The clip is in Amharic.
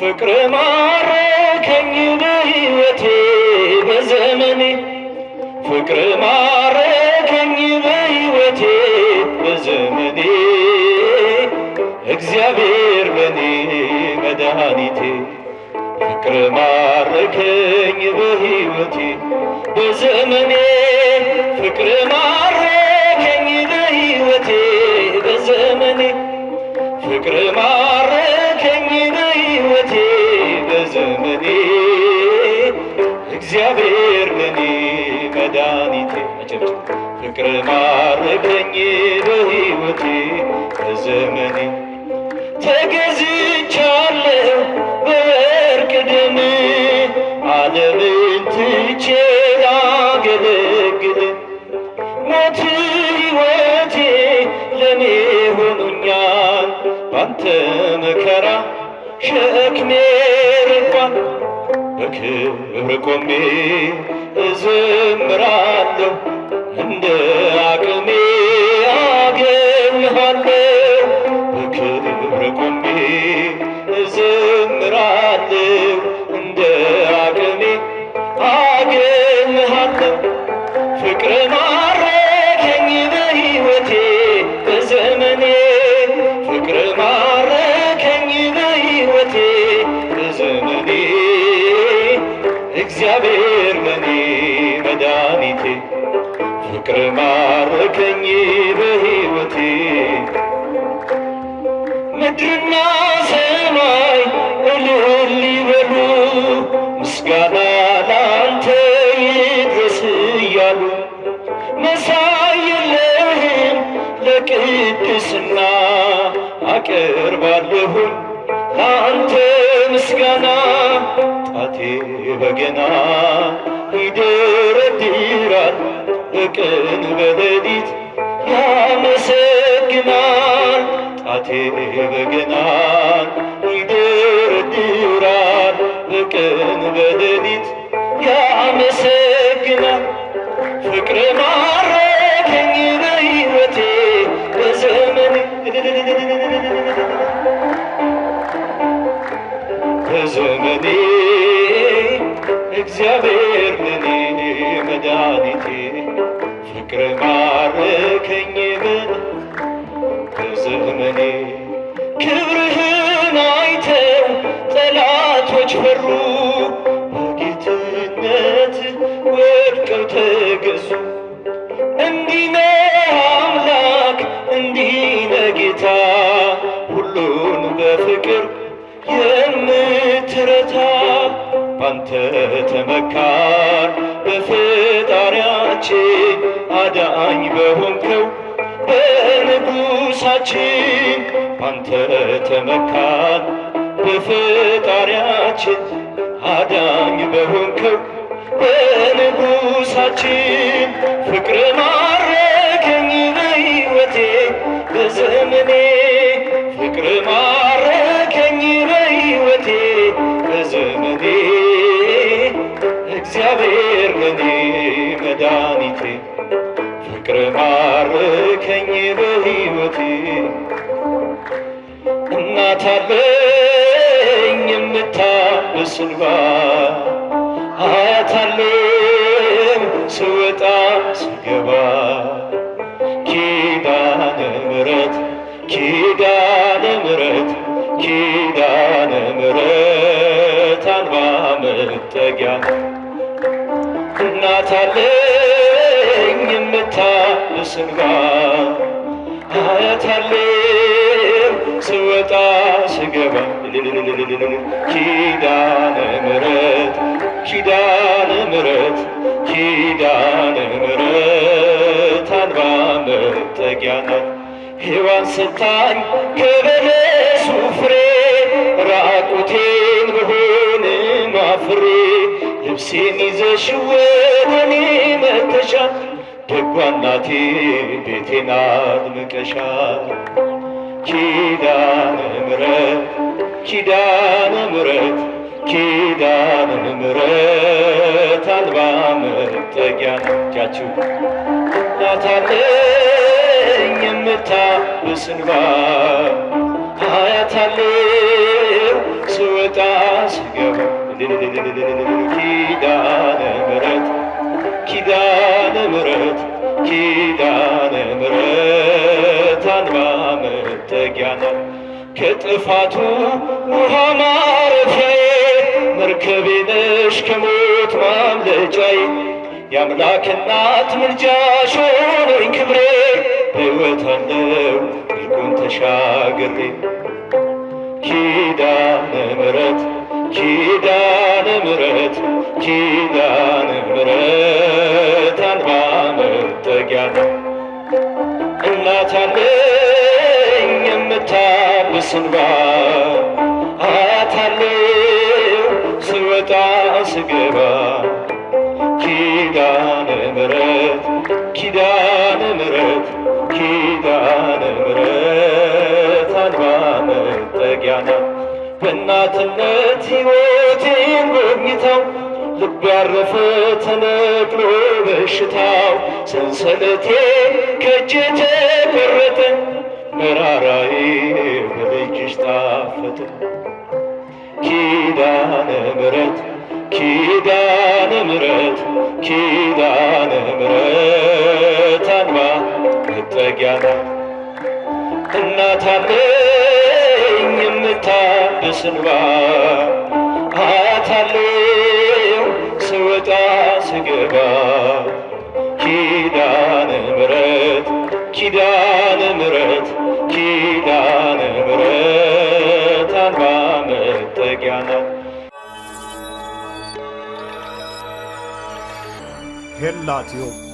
ፍቅር ማረከኝ በሕይወቴ በዘመኔ ፍቅር ማረከኝ በህይወቴ በዘመኔ እግዚአብሔር በኔ መድኃኒቴ ፍቅር ማረከኝ በሕይወቴ በዘመኔ መድኃኒቴ አጨብጭ ፍቅር ማረከኝ በሕይወቴ በዘመኔ ተገዝቻለሁ በወርቅ ደም ዓለምን ትቼ ላገለግል ሞት ሕይወቴ ለኔ ሆኑኛል ባንተ መከራ ሸክሜ ርቋል በክብር ቆሜ እዘምራለሁ እንደ አቅሜ አገኝሃለሁ በክብር ቆሜ እዘምራለሁ እንደ አቅሜ አገኝሃለሁ ፍቅር ማረከኝ በሕይወቴ በዘመኔ ፍቅር ማረከኝ በሕይወቴ በዘመኔ እግዚአብሔር ለኔ ቤቴ ፍቅር ማረከኝ በሕይወቴ ምድርና ሰማይ እልል ይበሉ ምስጋና ላንተ ይድረስ እያሉ መሳይ ለቅድስና አቀርባለሁኝ ለአንተ ምስጋና ጣቴ በገና ይደረድር በቀን በሌሊት ያመሰግናል። ጣቴ በገናን ይደረድራል። በቀን በሌሊት ያመሰግናል። ፍቅር ማረከኝ በሕይወቴ በዘመኔ በዘመኔ እግዚአብሔር ለኔ መድኃኒቴ ፍቅር ባርከኝ በር በዘመኔ ክብርህን አይተው ጠላቶች ፈሩ፣ በጌትነት ወድቀው ተገዙ። እንዲህ አምላክ እንዲህ ጌታ ሁሉን በፍቅር የምትረታ ባንተ ተመካን በፈጣሪያችን አዳኝ በሆንከው በንጉሳችን አንተ ተመካን በፈጣሪያችን አዳኝ በሆንከው በንጉሳችን ፍቅር ማረከኝ በሕይወቴ በዘመኔ ፍቅር ማረከኝ በሕይወቴ በዘመኔ እግዚአብሔር ለኔ ባርከኝ እናት አለኝ የምታብስ እንባ ስወጣ ስገባ ኪዳነ ምሕረት ኪዳነ ምሕረት ኪዳነ ምሕረት መጠጊያ ገታ ለስልጋ አያታለ ስወጣ ስገባ ኪዳነ ምሕረት ኪዳነ ምሕረት ኪዳነ ምሕረት አልባ መጠጊያ ናት ሔዋን ስታኝ ከበለሱ ፍሬ ራቁቴን ብሆን ማፍሬ ልብሴን ይዘሽ ወደ መተሻል ደጓ እናቴ ቤቴን አድምቀሻል። ኪዳነ ምሕረት ኪዳነ ምሕረት ኪዳነ ምሕረት አልባ መጠጊያ እናታለኝ ስወጣ ስገባ ኪዳነ ምሕረት ኪዳነ ምሕረት ኪዳነ ምሕረት አልባ መጠጊያ ናት ከጥፋቱ ውሃ ማረፊያዬ መርከቤ ነሽ ከሞት ማምለጫዬ የአምላክ እናት ምልጃሽ ሆነኝ ክብሬ በሕይወት አለው ምልኩን ተሻግሬ ኪዳነ ምሕረት ኪዳነ ምሕረት ኪዳነ ምሕረት አድርጊያለሁ። እናት አለኝ የምታብስ እንባ አያታለሁ ስወጣ ስገባ ኪዳነ ምሕረት ኪዳነ ምሕረት ኪዳነ ምሕረት አልባ መጠጊያ ናት በእናትነት ሕይወቴን ጎብኝተው ልብ ያረፈ ተነቅሎ በሽታው ሰንሰለቴን ከእጅ ተቆረጠ መራራዬ በእጅሽ ጣፈጠ ኪዳነ ምሕረት ኪዳነ ምሕረት ኪዳነ ምሕረት አንባ መጠጊያ እናታለኝ የምታብስ Hellat yok.